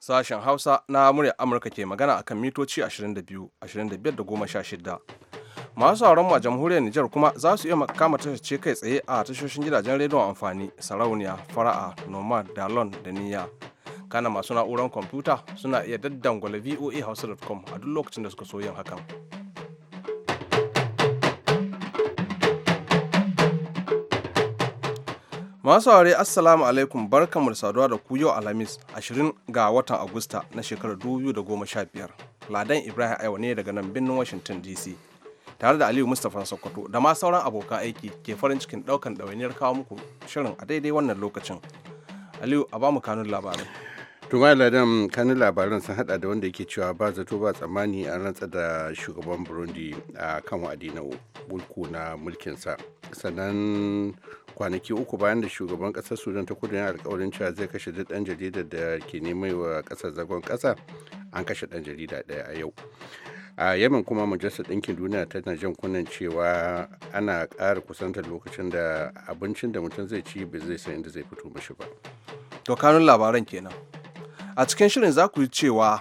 Sashen Hausa na murya Amurka ke magana akan mitoci 22, 25 da 16. Masu sauran mu a jamhuriyar Nijar kuma za su iya kama tashar kai tsaye a tashoshin gidajen rediyon amfani sarauniya, fara'a, nomad, dalon da niyya. Kana masu na'urar kwamfuta suna iya daddangwale voa hausa.com a duk lokacin da suka so yin hakan. Masu saurare Assalamu alaikum barkamu da saduwa da ku yau Alhamis 20 ga watan Agusta na shekarar 2015. Ladan Ibrahim Aiwa ne daga nan birnin Washington DC. Tare da Aliyu Mustapha Sokoto da ma sauran abokan aiki ke farin cikin daukan ɗawainiyar kawo muku shirin a daidai wannan lokacin. Aliyu a bamu kanun labarai. Tuma Ladan kanun labarin sun hada da wanda yake cewa ba zato ba tsammani a rantsa da shugaban Burundi a kan wa'adi na na mulkinsa. Sannan kwanaki uku bayan da shugaban kasar sudan ta kudu ya alkawarin cewa zai kashe duk dan jaridar da ke neman wa kasar zagon kasa an kashe dan jarida daya a yau a yamin kuma majalisar ɗinkin duniya tana jan kunan cewa ana ƙara kusantar lokacin da abincin da mutum zai ci ba zai san inda zai fito mashi ba to kanun labaran kenan a cikin shirin za ku yi cewa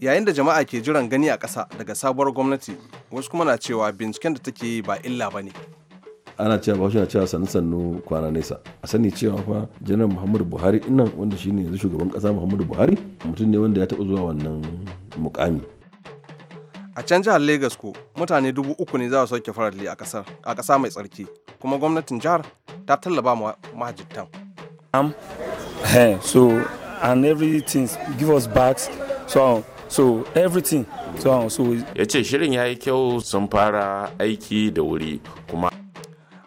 yayin da jama'a ke jiran gani a ƙasa daga sabuwar gwamnati wasu kuma na cewa binciken da take yi ba illa ba ne ana cewa bashi na cewa sannu sannu kwana nesa a sani cewa fa janar muhammadu buhari innan wanda shi ne yanzu shugaban kasa muhammadu buhari mutum ne wanda ya taɓa zuwa wannan mukami a can jihar lagos ko mutane dubu uku ne za su sauke farar a a kasa mai tsarki kuma gwamnatin jihar ta tallaba mahajjatan am eh, so and everything give us bags so so everything so so ya ce shirin ya yi kyau sun fara aiki da wuri kuma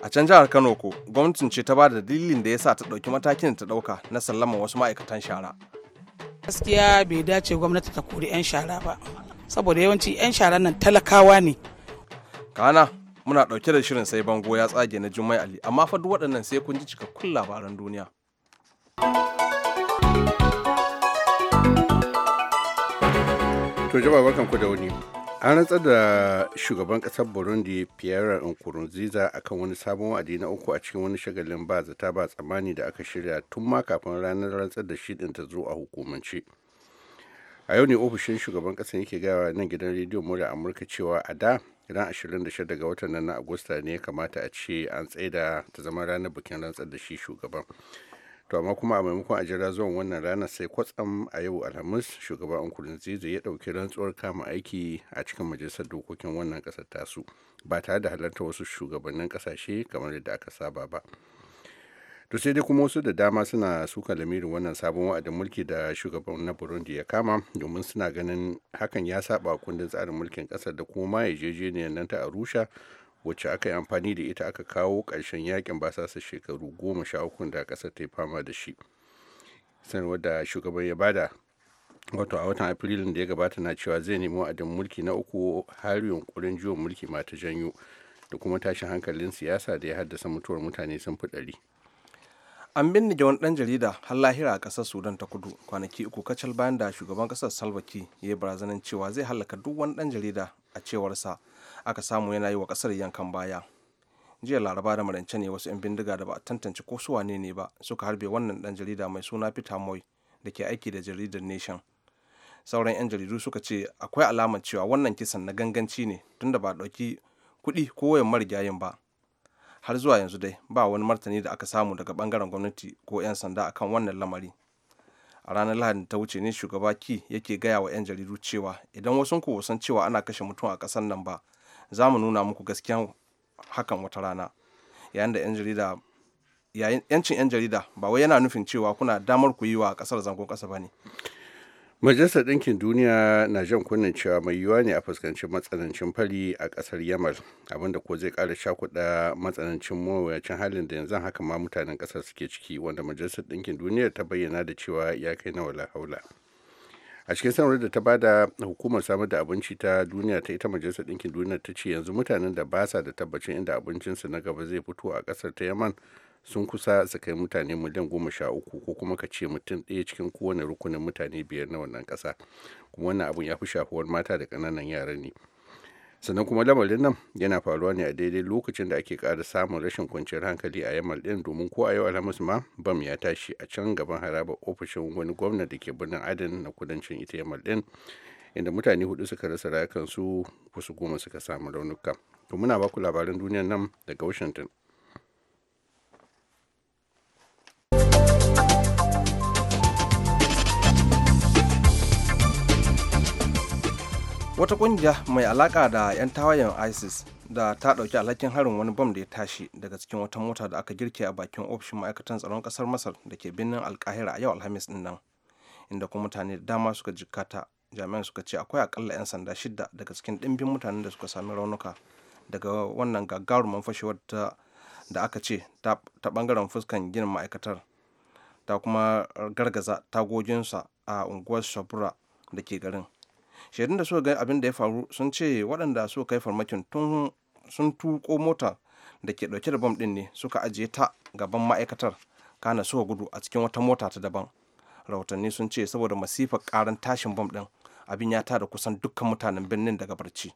a can jihar kano ko gwamnatin ce ta ba da dalilin da ya sa ta ɗauki matakin da ta ɗauka na sallama wasu ma'aikatan shara gaskiya bai dace gwamnati ta kori 'yan shara ba saboda yawanci 'yan shara nan talakawa ne kana muna ɗauke da shirin sai bango ya tsage na jummai ali amma fa duk waɗannan sai kun ji cikakkun labaran duniya to jama'a barkan ku da wuni an rantsar da shugaban kasar burundi pierre nkurunziza akan wani sabon wa'adi na uku a cikin wani shagalin ba zata ba tsammani da aka shirya tun ma kafin ranar rantsar da shi ta zo a hukumance a yau ne ofishin shugaban kasar yake gawa nan gidan rediyo mura amurka cewa a da ran 26 ga watan nan na agusta ne ya kamata a ce an tsaida ta zama ranar bikin rantsar da shi shugaban to amma kuma a maimakon a jira zuwan wannan ranar sai kwatsam a yau alhamis shugaban nkurunziza ya dauki rantsuwar kama aiki a cikin majalisar dokokin wannan kasar tasu ba tare da halartar wasu shugabannin kasashe kamar yadda aka saba ba to sai dai kuma wasu da dama suna suka lamirin wannan sabon wa'adin mulki da shugaban na burundi ya kama domin suna ganin hakan ya saba kundin tsarin mulkin kasar da kuma yarjejeniyar nan ta arusha wacce aka yi amfani da ita aka kawo ƙarshen yakin basasa shekaru goma sha uku da ƙasar ta yi fama da shi sanarwar da shugaban ya bada wato a watan afrilun da ya gabata na cewa zai nemi wa'adin mulki na uku har yunkurin jiwon mulki mata janyo da kuma tashin hankalin siyasa da ya haddasa mutuwar mutane sun fi ɗari an binne wani ɗan jarida har lahira a kasar sudan ta kudu kwanaki uku kacal bayan da shugaban ƙasar salvaki ya yi barazanar cewa zai hallaka duk wani ɗan jarida a cewarsa aka samu yana yi wa kasar yankan baya jiya laraba da marance ne wasu 'yan bindiga da ba a tantance ko su wane ne ba suka harbe wannan dan jarida mai suna peter moy da ke aiki da jaridar nation sauran 'yan jaridu suka ce akwai alamar cewa wannan kisan na ganganci ne tun tunda ba ɗauki kuɗi ko wayan marigayin ba har zuwa yanzu dai ba wani martani da aka samu daga bangaren gwamnati ko 'yan sanda akan wannan lamari a ranar lahadin ta wuce ne shugaba ki yake gaya wa 'yan jaridu cewa idan wasu ku san cewa ana kashe mutum a ƙasar nan ba za mu nuna muku gaskiyan hakan wata rana yayin da 'yan jarida yancin 'yan jarida ba wai yana nufin cewa kuna damar ku yi wa kasar zangon kasa ba ne majalisar ɗinkin duniya na jan kunnen cewa mai yiwuwa ne a fuskanci matsanancin fari a ƙasar yamal abinda ko zai ƙara shakuɗa matsanancin mawuyacin halin da yanzu haka ma mutanen ƙasar suke ciki wanda majalisar ɗinkin duniya ta bayyana da cewa ya kai na wala haula a cikin sanarwar da ta bada hukumar samar da abinci ta duniya ta ita majalisar ɗinkin duniya ta ce yanzu mutanen da ba sa da tabbacin inda abincinsu na gaba zai fito a ƙasar ta yaman sun kusa su kai mutane miliyan goma sha uku ko kuma ka ce mutum ɗaya cikin kowane rukunin mutane biyar na wannan ƙasa kuma wannan abun ya fi shafuwar mata da ƙananan yara ne sannan kuma lamarin nan yana faruwa ne a daidai lokacin da ake ƙara samun rashin kwanciyar hankali a yamal ɗin domin ko a yau alhamis ma bam ya tashi a can gaban haraba ofishin wani gwamna da ke birnin adin na kudancin ita yamal ɗin inda mutane hudu suka rasa su wasu goma suka samu raunuka to muna ku labarin duniyar nan daga washington wata kungiya mai alaka da 'yan tawayen isis da ta dauki alhakin harin wani bom da ya tashi daga cikin wata mota da aka girke a bakin ofishin ma'aikatan tsaron kasar masar da ke birnin alkahira a yau alhamis din nan inda kuma mutane da dama suka jikkata jami'an suka ce akwai akalla 'yan sanda shida daga cikin dimbin mutanen da suka sami raunuka daga wannan gagarumin fashewar da aka ce ta bangaren fuskan ginin ma'aikatar ta kuma gargaza tagoginsa a unguwar shabura da ke garin shaidun da suka ga abin da ya faru sun ce waɗanda suka kai farmakin tun sun tuko mota da ke ɗauke da bom ɗin ne suka ajiye ta gaban ma'aikatar kana suka gudu a cikin wata mota ta daban rahotanni sun ce saboda masifar karan tashin bom ɗin abin ya tada kusan dukkan mutanen birnin daga barci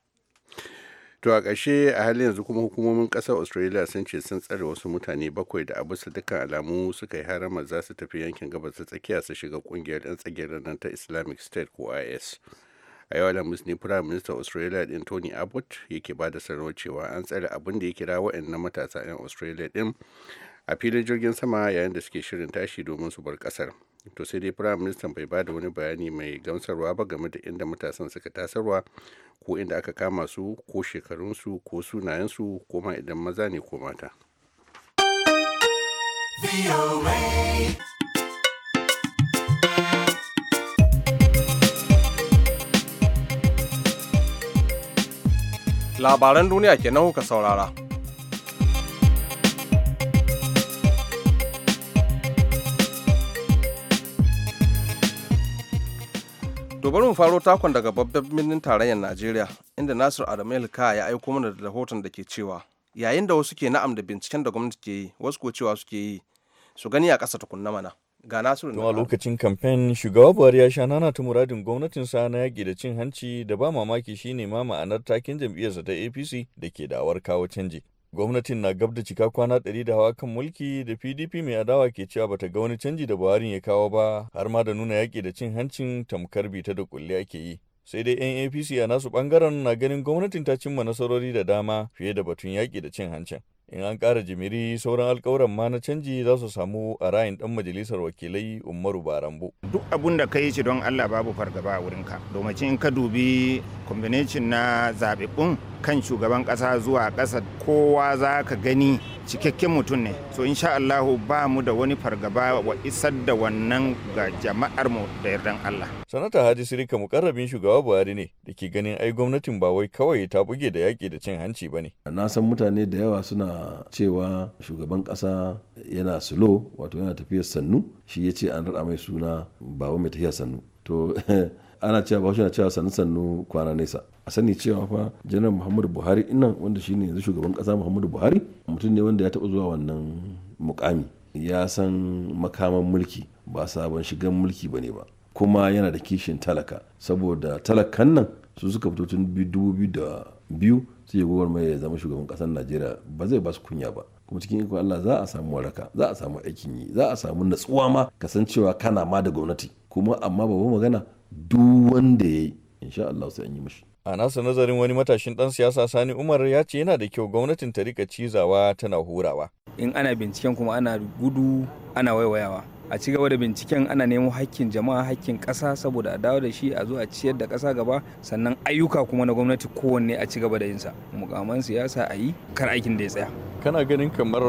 to a ƙarshe a halin yanzu kuma hukumomin ƙasar australia sun ce sun tsare wasu mutane bakwai da abu su dukkan alamu suka yi haramar za su tafi yankin gabas ta tsakiya su shiga ƙungiyar 'yan tsagirar nan ta islamic state ko is a yau alhamis ne prime minister australia din tony abbott yake ba da sanarwar cewa an tsare abin da ya kira waɗannan matasa 'yan australia din a filin jirgin sama yayin da suke shirin tashi domin su bar kasar to sai dai prime minister bai ba da wani bayani mai gamsarwa ba game da inda matasan suka tasarwa ko inda aka kama su ko shekarunsu ko sunayensu ko ma idan maza ne ko mata. labaran duniya kenan kuka saurara. dobar mu faro takon daga babban birnin tarayyar Najeriya inda Nasir Adamu Ilka ya aiko mana da rahoton da ke cewa yayin da wasu ke na'am da binciken da gwamnati ke yi wasu ko cewa suke yi su gani a ƙasa tukunna mana. ga nasiru lokacin kamfen shugaba buhari ya sha nana ta muradin sa na yaƙi da cin hanci da ba mamaki shine ma ma'anar takin sa ta apc da ke da'awar kawo canji gwamnatin na gabda da cika kwana 100 da hawa kan mulki da pdp mai adawa ke cewa bata ga wani canji da buhari ya kawo ba har ma da nuna yaƙi da cin hancin tamkar ta da kulle ake yi sai dai yan apc a nasu bangaren na ganin gwamnatin ta cimma nasarori da dama fiye da batun yaƙi da cin hancin in an ƙara jimiri sauran alkawuran ma na canji za su samu a rayin ɗan majalisar wakilai umaru barambo duk abun da ka yi shi don allah babu fargaba a wurinka domin in ka dubi combination na zaɓiɓɓun kan shugaban ƙasa zuwa ƙasa kowa za ka gani cikakken mutum ne so insha allahu ba mu da wani fargaba wa isar da wannan ga jama'ar mu da yardan allah sanata hadi sirika mukarrabin shugaba buhari ne da ke ganin ai gwamnatin ba wai kawai ta buge da yaƙi da cin hanci ba ne na san mutane da yawa suna cewa shugaban ƙasa yana slow wato yana tafiyar sannu shi ya ce an raɗa mai suna ba mai tafiyar sannu to ana cewa bahaushe na cewa sannu sannu kwana nesa a sani cewa fa janar muhammadu buhari innan wanda shine yanzu shugaban ƙasa muhammadu buhari mutum ne wanda ya taɓa zuwa wannan mukami ya san makaman mulki ba sabon shigan mulki ba ne ba kuma yana da kishin talaka saboda talakan nan su suka fito tun biyu yi gowar mai ya zama shugaban kasar najeriya ba zai ba su kunya ba kuma cikin ikon allah za a samu waraka za a samu aikin yi za a samu natsuwa ma kasancewa kana ma da gwamnati kuma amma babu magana duk wanda ya yi insha allah sai an yi mashi a nasa nazarin wani matashin dan siyasa sani umar ya ce yana da kyau gwamnatin ta rika cizawa tana hurawa in ana binciken kuma ana gudu ana waiwayawa a ci gaba da binciken ana nemo hakkin jama'a hakkin kasa saboda a dawo da shi a zo a ciyar da kasa gaba sannan ayyuka kuma na gwamnati kowanne a ci gaba da yinsa mukaman siyasa a yi kar aikin da ya tsaya kana ganin kamar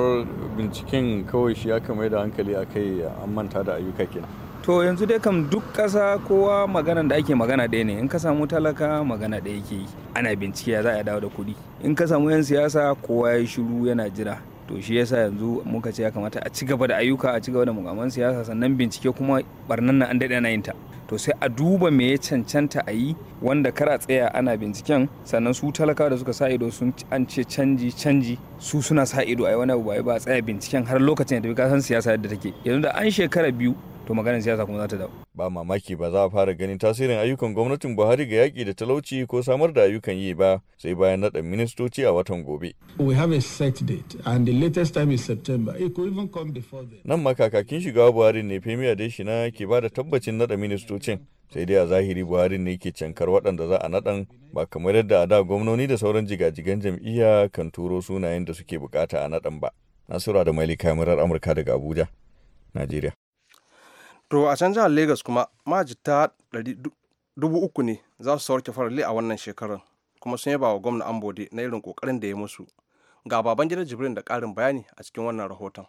binciken kawai shi ya mai da hankali a kai an manta da ayyuka kenan to yanzu dai kam duk kasa kowa magana da ake magana ɗaya ne in ka samu talaka magana ɗaya ke yi ana bincike ya za a dawo da kuɗi in ka samu 'yan siyasa kowa ya shiru yana jira to shi yasa yanzu muka ce ya kamata a ci gaba da ayyuka a ci gaba da mugaman siyasa sannan bincike kuma barnan nan an daɗe ana yin ta to sai a duba me ya cancanta a yi wanda kara tsaya ana binciken sannan su talaka da suka sa ido sun an ce canji canji su suna sa ido a yi wani abu ba tsaya binciken har lokacin da tafi kasan siyasa yadda take yanzu da an shekara biyu to maganar siyasa kuma za ta dawo. Ba mamaki ba za a fara ganin tasirin ayyukan gwamnatin Buhari ga yaƙi da talauci ko samar da ayyukan yi ba sai bayan naɗa ministoci a watan gobe. We have a set date and the latest time is September. It could even come before then. Nan ma kakakin shugaba Buhari ne Femi Adesina ke ba da tabbacin naɗa ministocin. sai dai a zahiri buhari ne ke cankar waɗanda za a naɗan ba kamar yadda a da gwamnoni da sauran jigajigan jam'iyya kan turo sunayen da suke bukata a naɗan ba nasura da mailika murar amurka daga abuja najeriya To a can jihar lagos kuma majita dubu uku ne za su sauke farali a wannan shekarar kuma sun yaba wa gwamna Ambode na irin kokarin da ya musu. Ga baban gidan Jibrin da ƙarin bayani a cikin wannan rahoton.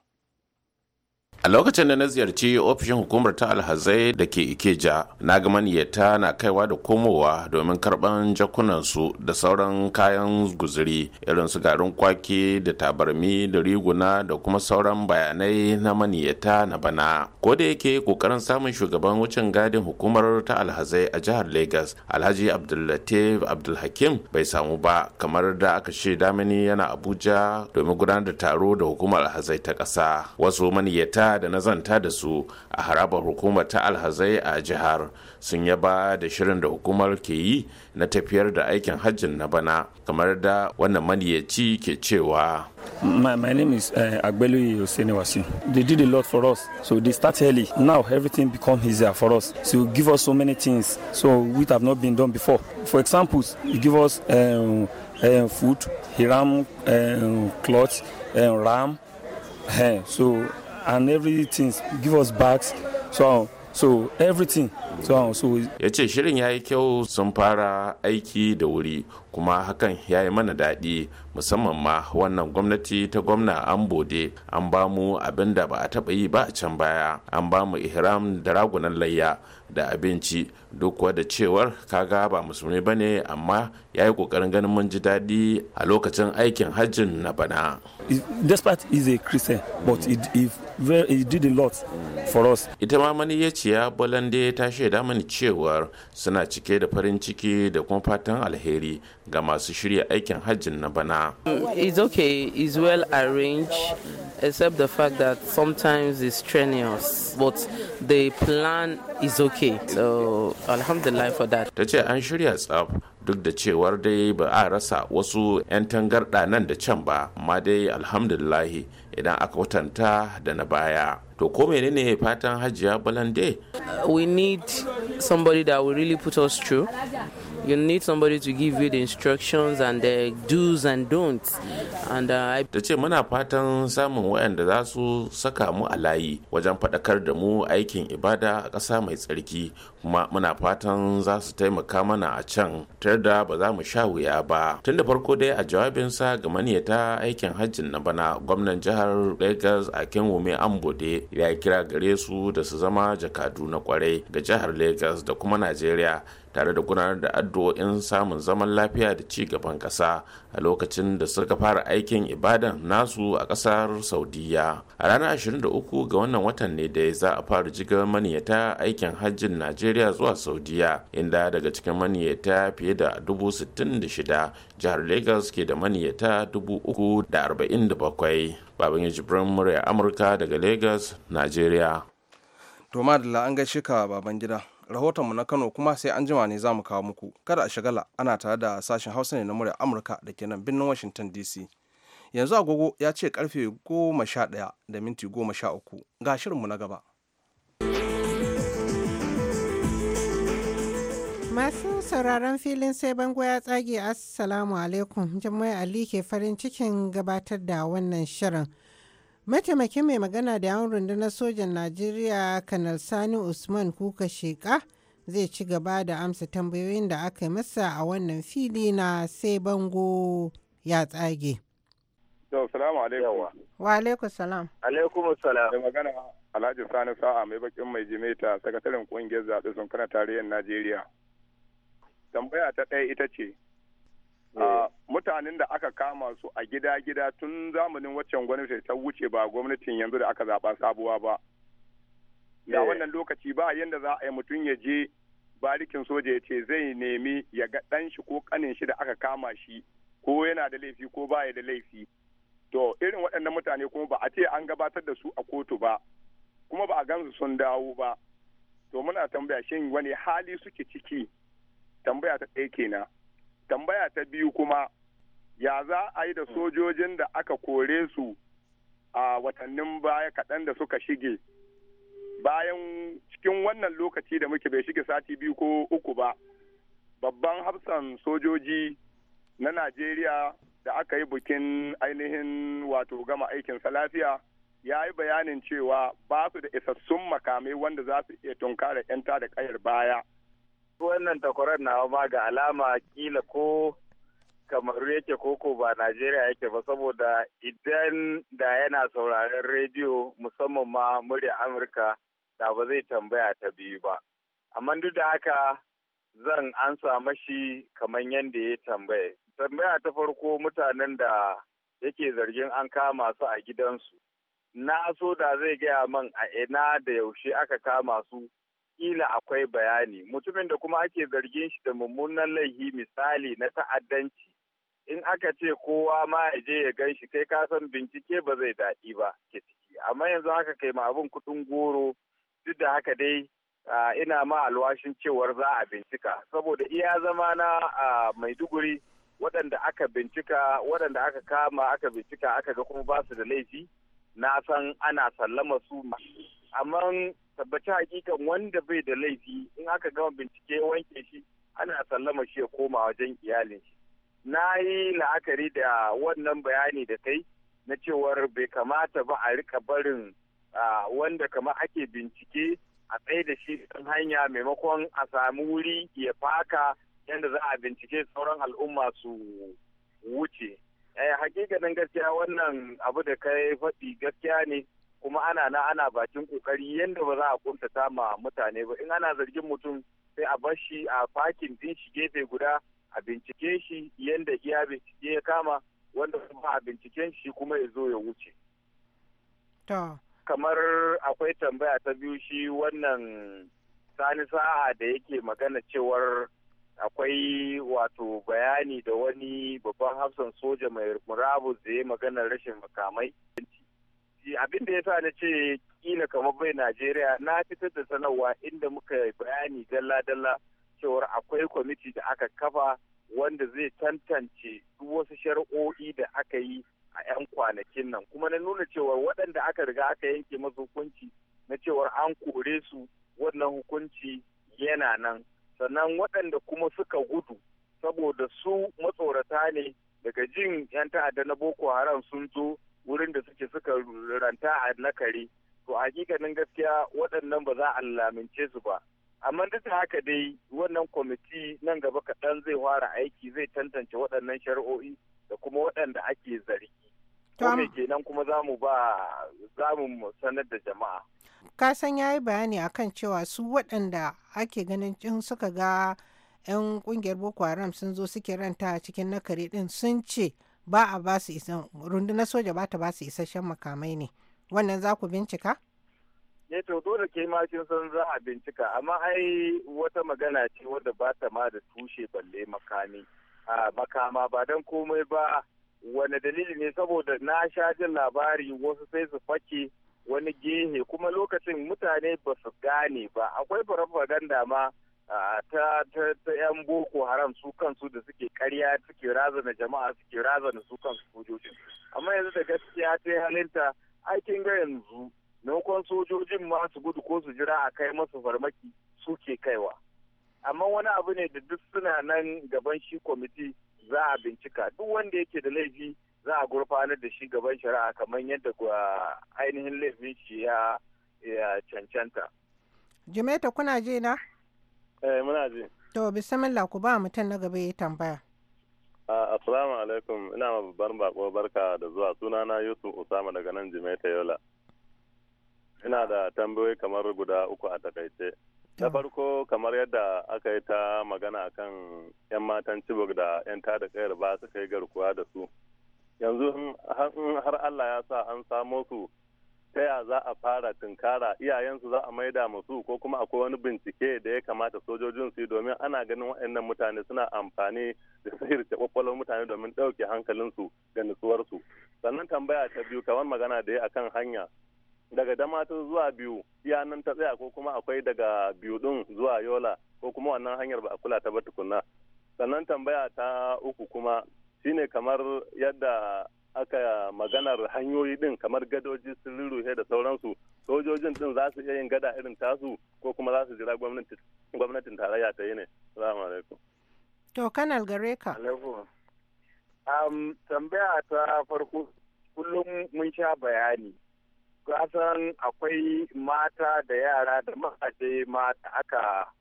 a lokacin da na ziyarci ofishin hukumar ta alhazai da ke ikeja na ga maniyyata na kaiwa da komowa domin karban jakunansu da sauran kayan guzuri irin su garin kwaki da tabarmi da riguna da kuma sauran bayanai na maniyyata na bana ko da yake kokarin samun shugaban wucin gadin hukumar ta alhazai a jihar lagos alhaji abdullatif abdulhakim bai samu ba kamar da aka shaida damini yana abuja domin gudanar da taro da hukumar alhazai ta ƙasa wasu maniyyata jiha da na zanta da su a harabar hukumar ta alhazai a jihar sun yaba da shirin da hukumar ke yi na tafiyar da aikin hajjin na bana kamar da wannan maniyaci ke cewa My, my name is uh, Agbelu Osenewasi. They did a lot for us, so they start early. Now everything become easier for us. So give us so many things, so which have not been done before. For examples, you give us um, um, food, hiram, um, cloth, um, ram. Uh, so and everything give us bags so so everything so so ya ce shirin ya yi kyau sun fara aiki da wuri kuma hakan ya yi mana daɗi musamman ma wannan gwamnati ta gwamna an bode an ba mu abin da ba a taɓa yi ba a can baya an ba mu ihram da ragunan layya da abinci duk kuwa da cewar kaga ba musulmi ba ne amma ya yi kokarin ganin mun ji daɗi a lokacin aikin hajjin na bana. despite is a christian but he, he did a lot for us. ita ma mani ya ciya bolande ta shaida mani cewar suna cike da farin ciki da kuma fatan alheri ga masu shirya aikin hajjin na bana. it's okay it's well arranged except the fact that sometimes it's strenuous but the plan is okay so alhamdulillah for that ta ce an shirya tsaf duk da cewar dai ba a rasa wasu 'yan tangarɗa nan da can ba amma dai alhamdulillah, idan aka kwatanta da na baya to ko menene fatan hajiya balande we need somebody that will really put us through you need somebody to give you the instructions and the do's and don'ts and uh, ta ce muna fatan samun wayanda za su saka mu a layi wajen faɗakar da mu aikin ibada a ƙasa mai tsarki kuma muna fatan za su taimaka mana a can tar da ba za mu sha wuya ba tun da farko dai a jawabinsa ga maniyata aikin hajjin na bana gwamnan jihar lagos a an ambode ya kira gare su da su zama jakadu na kwarai ga jihar lagos da kuma najeriya tare da gudanar da addu'o'in samun zaman lafiya da ci gaban ƙasa a lokacin da suka fara aikin ibadan nasu a ƙasar saudiya a ranar 23 ga wannan watan ne da za a fara jigar maniyata aikin hajjin najeriya zuwa saudiya inda daga cikin maniyata fiye da shida jihar lagos ke da maniyata 347 baban jibrin murya amurka daga lagos najeriya to an gaishe ka baban gida rahotonmu na Kano kuma sai an jima ne za mu kawo muku. Kada a shagala ana tare da sashen Hausa ne na murya Amurka da ke nan birnin Washington DC. Yanzu agogo ya ce karfe goma sha ɗaya da minti goma sha uku ga shirinmu na gaba. Masu sauraron filin sai bango ya tsage Assalamu alaikum. Jummai Ali ke farin cikin gabatar da wannan shirin. mataimakin mai magana da yawon rundunar sojan najeriya kanal sani usman kuka sheka zai ci gaba da amsa tambayoyin da aka yi masa a wannan fili na sai bango ya tsage magana alhaji sani sa'a mai bakin mai jimeta sakataren kungiyar zaɓe sun kana tarihin najeriya tambaya ta ɗaya ita ce Eh. Ah, mutanen da aka kama su a gida-gida tun zamanin waccan gwamnati ta wuce ba gwamnatin yanzu da aka zaɓa sabuwa ba. Da eh. wannan lokaci ba yadda za a yi mutum ya je barikin soja ya ce zai nemi ya ga ɗan shi ko ƙanin shi da aka kama shi ko yana da laifi ko baya da laifi. To irin waɗannan mutane kuma ba a ce an gabatar da su a kotu ba kuma ba a gan su sun dawo ba. To muna tambaya shin wani hali suke ciki tambaya ta ɗaya kenan. tambaya ta biyu kuma ya za a yi da hmm. sojojin da aka kore su a watannin baya kaɗan da suka shige bayan cikin wannan lokaci da muke bai shige sati biyu ko uku ba babban hafsan sojoji na najeriya da aka yi bikin ainihin wato gama aikinsa lafiya ya yi bayanin cewa ba su da isassun makamai wanda za su iya tunkara 'yanta da kayar baya wannan takwarar nawa ma ga alama kila ko kamaru yake koko ba Najeriya yake ba saboda idan da yana sauraren rediyo musamman ma murya Amurka da ba zai tambaya ta biyu ba. Amma duk da haka zan ansa mashi kamar yadda ya tambaya. Tambaya ta farko mutanen da yake zargin an kama su a gidansu. Na so da zai gaya man a ina da yaushe aka kama su kila akwai bayani mutumin da kuma ake zargin shi da mummunan laihi misali na ta'addanci in aka ce kowa ma ya je ya gan shi kai kasan bincike ba zai daɗi ba ke ciki amma yanzu haka kai ma abin kuɗin goro duk da haka dai ina ma alwashin cewar za a bincika saboda iya zama na maiduguri waɗanda aka bincika waɗanda aka kama aka bincika aka ga kuma ba su da laifi na san ana sallama su amma tabbaci hakikan wanda bai da laifi in aka gama bincike wanke shi ana sallama shi ya koma wajen iyalin shi na yi la'akari da wannan bayani da kai na cewar bai kamata ba a rika barin wanda kamar ake bincike a tsaye da shi kan hanya maimakon a sami wuri ya faka yadda za a bincike sauran al'umma su wuce eh, hakikanin gaskiya wannan abu da kai faɗi gaskiya ne kuma ana na ana bakin kokari yadda ba za a kuntata ma mutane ba in ana zargin mutum sai a bar shi a fakin din shi gefe guda a bincike shi yadda iya bincike ya kama wanda kuma a binciken shi kuma ya zo ya wuce kamar akwai tambaya ta biyu shi wannan sani sa'a da yake magana cewar akwai wato bayani da wani babban hafsan soja mai murabus da ya maganar rashin makamai abin da ya sa na ce kila kamar bai Najeriya na fitar da sanarwa inda muka bayani dalla-dalla cewar akwai kwamiti da aka kafa wanda zai tantance duk wasu shari'o'i da aka yi a 'yan kwanakin nan kuma na nuna cewar waɗanda aka riga aka yanke masu hukunci na cewar an kore su wannan hukunci yana nan sannan waɗanda kuma suka gudu saboda su matsorata ne daga jin 'yan ta'adda na boko haram sun zo wurin da suke suka ranta a nakare to a hakikanin gaskiya waɗannan ba za a lamince su ba amma duk da haka dai wannan kwamiti nan gaba kaɗan zai fara aiki zai tantance waɗannan shari'o'i da kuma waɗanda ake zargi kome kenan kuma za mu ba za mu sanar da jama'a kasan san yayi bayani akan cewa su waɗanda ake ganin in suka ga 'yan kungiyar boko haram sun zo suke ranta a cikin nakare ɗin sun ce ba a ba su isan rundunar soja ba ta ba su isasshen makamai ne wannan za ku bincika? ne eh to dole ke ma san za a bincika amma ai wata magana ce wadda ba ta ma da tushe balle makami a makama ba dan komai ba wani dalili ne saboda na sha jin labari wasu sai su fake wani gehe kuma lokacin mutane ba su gane ba akwai farfaganda ma ta ta yan boko haram su kansu da suke karya suke razana jama'a suke razana su kansu sojojin amma yanzu da gaskiya ta yi halinta aikin ga yanzu maimakon sojojin ma su gudu ko su jira a kai masu farmaki su ke kaiwa amma wani abu ne da duk suna nan gaban shi kwamiti za a bincika duk wanda yake da laifi za a gurfanar da shi gaban shari'a kamar yadda ainihin laifin shi ya cancanta. Jimeta kuna ji na? Eh muna ji. To bismillah ku ba mutum na gaba ya tambaya. Ah, assalamu alaikum ina ma babban bako barka da zuwa sunana Yusuf Usama daga nan ta Yola. Ina da tambayoyi kamar guda uku a takaice. Na farko kamar yadda aka yi ta magana kan 'yan matan Chibok da 'yan da kayar ba su kai garkuwa da su. Yanzu har Allah ya sa an samo su ta ya za a fara tunkara iyayensu za a maida musu ko kuma akwai wani bincike da ya kamata sojojin su domin ana ganin waɗannan mutane suna amfani da ta kwakwalwar mutane domin ɗauke hankalinsu da nutsuwarsu sannan tambaya ta biyu kamar magana da ya akan hanya daga damatar zuwa biyu iya nan ta tsaya ko kuma akwai daga biyu ɗin zuwa yola ko kuma wannan hanyar ba a kula ta ba tukunna sannan tambaya ta uku kuma shine kamar yadda aka maganar hanyoyi din kamar gadoji sun da sauransu sojojin din za su iya yin gada irin tasu ko kuma za su jira gwamnatin tarayya ta yi ne salamu alaikum to kanal gare ka um, tambaya ta farko kullum mun sha bayani kasan akwai mata da yara da mahaje mata aka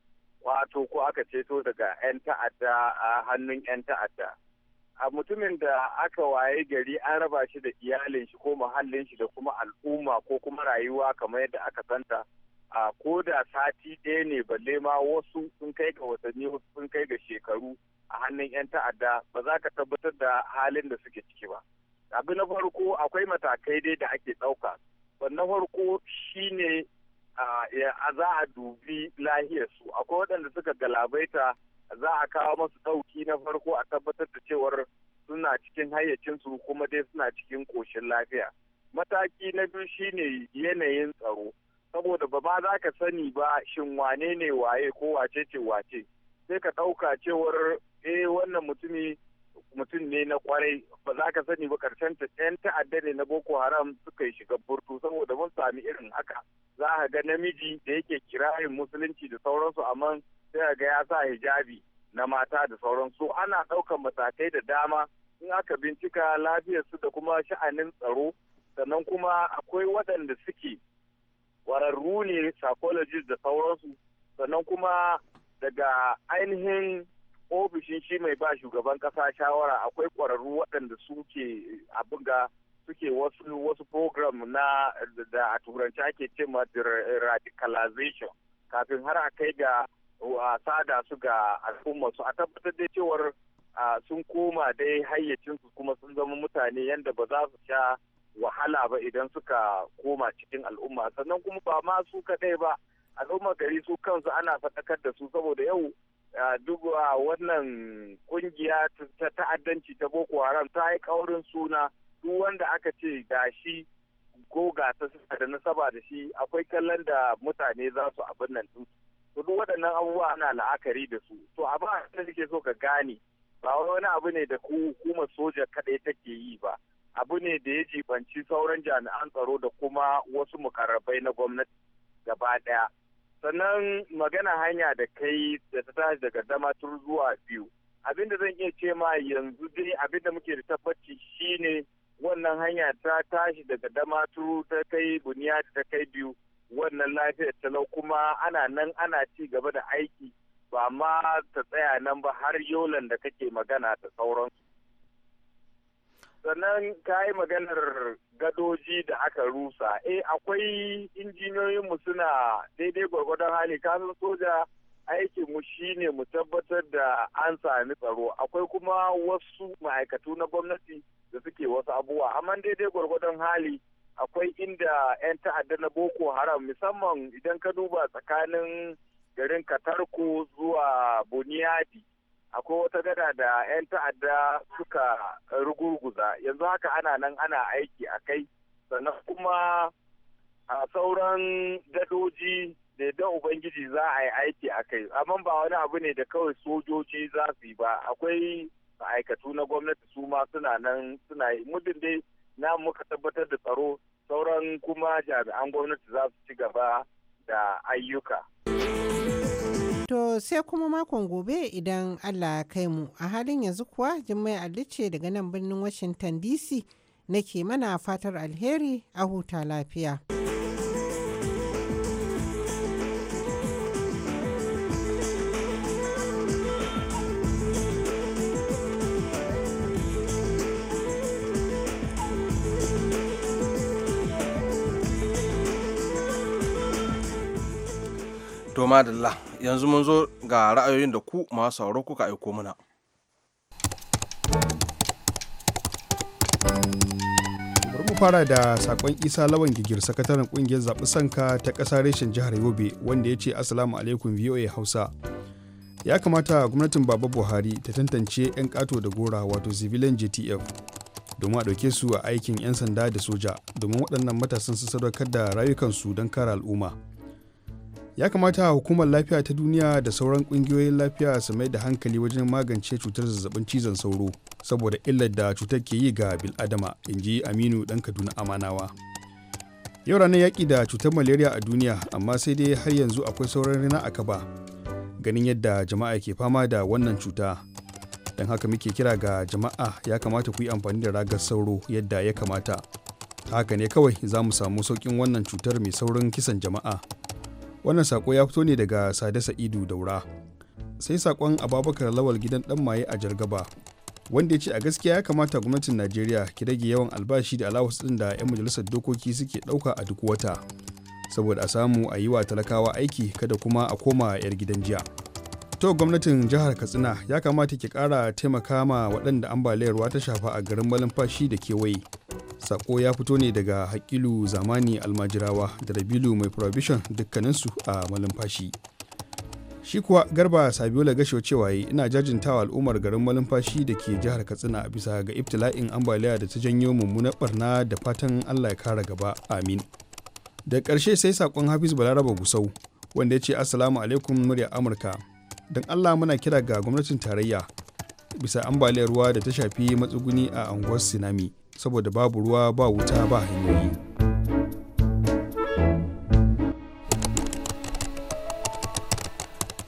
wato ko aka ceto daga 'yan ta'adda a hannun 'yan ta'adda a mutumin da aka waye gari an raba shi da iyalin shi ko muhallin shi da kuma al'umma ko kuma rayuwa kamar yadda aka santa a ko da sati ɗaya ne balle ma wasu sun kai ga watanni wasu sun kai ga shekaru a hannun 'yan ta'adda ba za ka tabbatar da halin da suke ciki ba abu na farko akwai matakai dai da ake ɗauka na farko shine a za a dubi lahiyarsu akwai waɗanda suka galabaita za a kawo masu ɗauki na farko a tabbatar da cewar suna cikin hayyacinsu kuma dai suna cikin ƙoshin lafiya. Mataki na biyu shine yanayin tsaro, saboda ba ma za ka sani ba shin wane ne waye ko wace ce wace, sai ka ɗauka cewar eh wannan mutumi mutum ne na kwarai ba za ka sani ba karshen ta yan ta'adda ne na boko haram suka yi shiga burtu saboda mun sami irin haka za a ga namiji da yake kirayin musulunci da sauransu amma sai ga ya sa hijabi na mata da sauransu ana ɗaukan matakai da dama in aka bincika lafiyarsu da kuma sha'anin tsaro sannan kuma akwai waɗanda suke ƙwararru ne psychologist da sauransu sannan kuma daga ainihin ofishin shi mai ba shugaban ƙasa shawara akwai ƙwararru waɗanda suke abin ga suke wasu wasu program na da a turanci ake ce radicalization kafin har a kai ga sada su ga al'umma su a tabbatar da cewar sun koma dai hayyacinsu kuma sun zama mutane yadda ba za su sha wahala ba idan suka koma cikin al'umma sannan kuma ba ma su kaɗai ba al'umma gari su kansu ana faɗakar da su saboda yau duk wannan kungiya ta ta'addanci ta boko haram ta yi kaurin suna duk wanda aka ce gashi ko gasa da nasaba da shi akwai kallon da mutane za su abin nan to duk waɗannan abubuwa ana la'akari da su to abin da so ka gane ba wani abu ne da ku hukumar soja kaɗai take yi ba abu ne da ya jibanci sauran jami'an tsaro da kuma wasu mukarrabai na gwamnati gaba ɗaya sannan magana hanya da kai da ta tashi daga damatur zuwa biyu abin da zan iya ce ma yanzu dai abin da muke da tabbaci shine wannan hanya ta tashi daga damaturu ta kai buniya ta kai biyu wannan lafiyar talau kuma ana nan ana ci gaba da aiki ba ma ta tsaya nan ba har yolan da kake magana da sauransu. Sannan ka yi maganar gadoji da aka rusa, eh akwai injiniyoyinmu suna daidai gwargwadon hali kasan soja aikinmu shine mu tabbatar da an sami tsaro akwai kuma wasu ma'aikatu na gwamnati da suke wasu abubuwa amma daidai gwargwadon hali akwai inda 'yan ta'adda na boko haram musamman idan ka duba tsakanin garin katarku zuwa buniyadi akwai wata gada da 'yan ta'adda suka rugurguza yanzu haka ana nan ana aiki a kai sannan kuma a sauran gadoji da yadda ubangiji za a yi aiki a kai amma ba wani abu ne da kawai sojoji za su yi ba akwai ma'aikatu na gwamnati su ma suna nan suna yi muddin dai na muka tabbatar da tsaro sauran kuma jami'an gwamnati za su ci gaba da ayyuka. To sai kuma makon gobe idan Allah ya kai mu a halin yanzu kuwa jimma'i alice daga nan birnin Washington DC nake mana fatar alheri a huta lafiya. madalla yanzu mun zo ga ra'ayoyin da ku masu sauro kuka aiko mana. bari fara da sakon isa lawan gigir sakataren kungiyar zaɓi sanka ta ƙasa reshen jihar yobe wanda ya ce asalamu alaikum voa hausa ya kamata gwamnatin baba buhari ta tantance 'yan ƙato da gora wato civilian gtf domin a ɗauke su a aikin 'yan sanda da soja domin waɗannan matasan su sadaukar da rayukansu don kare al'umma ya kamata hukumar lafiya ta duniya da sauran kungiyoyin lafiya su mai da hankali wajen magance cutar zazzabin cizon sauro saboda illar da cutar ke yi ga biladama in ji aminu dan kaduna amanawa yau ranar yaƙi da cutar malaria a duniya amma sai dai har yanzu akwai sauran rina a kaba ganin yadda jama'a ke fama da wannan cuta don haka muke kira ga jama'a ya kamata ku yi amfani da ragar sauro yadda ya kamata haka ne kawai za mu samu sauƙin wannan cutar mai saurin kisan jama'a wannan sako ya fito ne daga sade sa'idu daura sai sakon ababakar lawal gidan dan maye a jargaba wanda ya ce a gaskiya ya kamata gwamnatin najeriya ki rage yawan albashi da alawus din da 'yan majalisar dokoki suke ɗauka a duk wata saboda a samu a yi wa talakawa aiki kada kuma a koma 'yar gidan jiya to gwamnatin jihar katsina ya kamata ki kara taimaka ma waɗanda ambaliyar ruwa ta shafa a garin malumfashi da kewaye sako ya fito ne daga hakilu zamani almajirawa da rabilu mai prohibition dukkaninsu a malumfashi shi kuwa garba sabiola gasho cewa ina jajintawa al'ummar garin malumfashi da ke jihar katsina bisa ga ibtila'in ambaliya da ta janyo mummunar barna da fatan allah ya kara gaba amin da ƙarshe sai sakon hafiz balaraba gusau wanda ya ce assalamu alaikum murya amurka don allah muna kira ga gwamnatin tarayya bisa ambaliyar ruwa da ta shafi matsuguni a unguwar tsunami. saboda babu ruwa ba wuta ba hanyoyi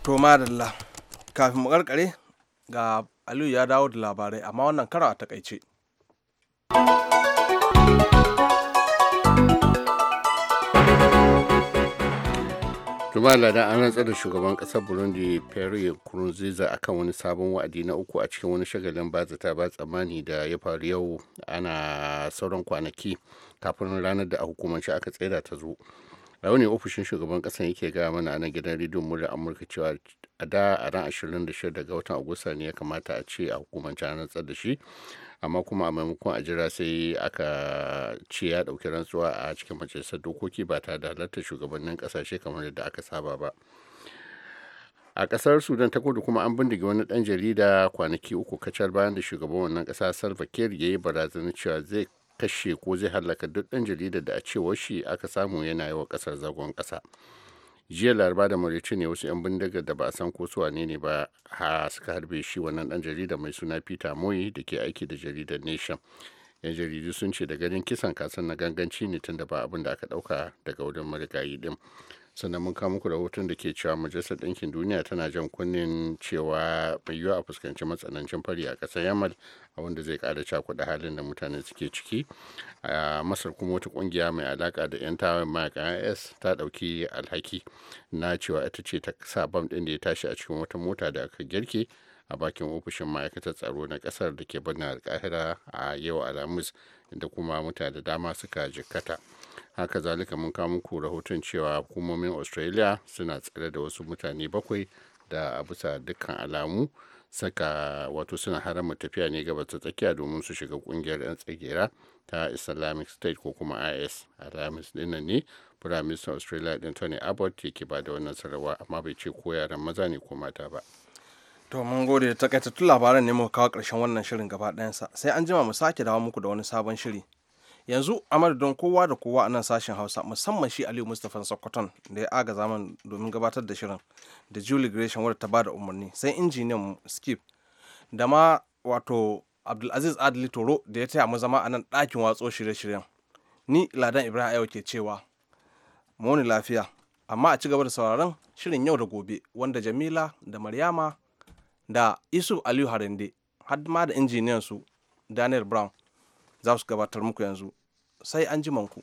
to madalla kafin mu karkare ga aliyu ya dawo da labarai amma wannan karo a takaice ba lada an rantsar da shugaban kasar burundi pierre nkurunziza akan wani sabon wa'adi na uku a cikin wani shagalin bazata ba tsammani da ya faru yau ana sauran kwanaki kafin ranar da a hukumance aka tsira ta zo rauni ofishin shugaban kasar yake gaya mana nan gidan rediyon murya amurka cewa a da a ran 26 ga watan agusta ne ya kamata a ce a hukumance an rantsar da shi amma kuma a maimakon a jira sai aka ce ya dauki rantsuwa a cikin majalisar dokoki ba tare da halartar shugabannin kasashe kamar yadda aka saba ba a kasar sudan ta kudu kuma an bindige wani ɗan jarida kwanaki uku kacal bayan da shugaban wannan kasa salva kiir ya yi barazanar cewa zai kashe ko zai hallaka duk ɗan jarida da a cewar shi aka samu yana yi wa ƙasar zagon ƙasa jiya laraba da maurice ne wasu 'yan bindiga da ba a san ko su wane ne ba ha suka harbe shi wannan dan jarida mai suna peter moyi da ke aiki da jaridar nation yan jaridu sun ce da ganin kisan kasan na ganganci ne tun da ba abin da aka dauka daga wurin marigayi din sannan mun kawo muku rahoton da ke cewa majalisar ɗinkin duniya tana jan kunnen cewa mai yiwuwa a fuskanci matsanancin fari a ƙasar yamal a wanda zai ƙara cakuɗa halin da mutane suke ciki a masar kuma wata ƙungiya mai alaƙa da 'yan tawayen mayakan is ta ɗauki alhaki na cewa ita ce ta sa bam ɗin da ya tashi a cikin wata mota da aka girke a bakin ofishin ma'aikatar tsaro na ƙasar da ke birnin alƙahira a yau alhamis da kuma mutane da dama suka jikkata. haka zalika mun kawo muku rahoton cewa hukumomin australia suna tsare da wasu mutane bakwai da a bisa dukkan alamu saka wato suna harama tafiya ne gaba ta tsakiya domin su shiga kungiyar 'yan tsagera ta islamic state ko kuma is alhamis dinnan ne firaminista australia din tony abbott yake ba da wannan sarrafa amma bai ce ko yaran maza ne ko mata ba to mun gode da takaitattun labaran ne muka kawo karshen wannan shirin gaba ɗayansa sai an jima mu sake dawo muku da wani sabon shiri yanzu a madadin kowa da kowa a nan sashen hausa musamman shi aliyu mustapha sokoton da ya aga zaman domin gabatar da shirin da julie gresham wadda ta da umarni sai injiniyan skip da ma wato abdulaziz adli toro da ya taya mu zama a nan ɗakin watso shirye-shiryen ni ladan ibrahim ayo ke cewa muni lafiya amma a ci gaba da sauraron shirin yau da gobe wanda jamila da maryama da isuf aliyu harande har ma da injiniyan su daniel brown za su gabatar muku yanzu sai an ji manku.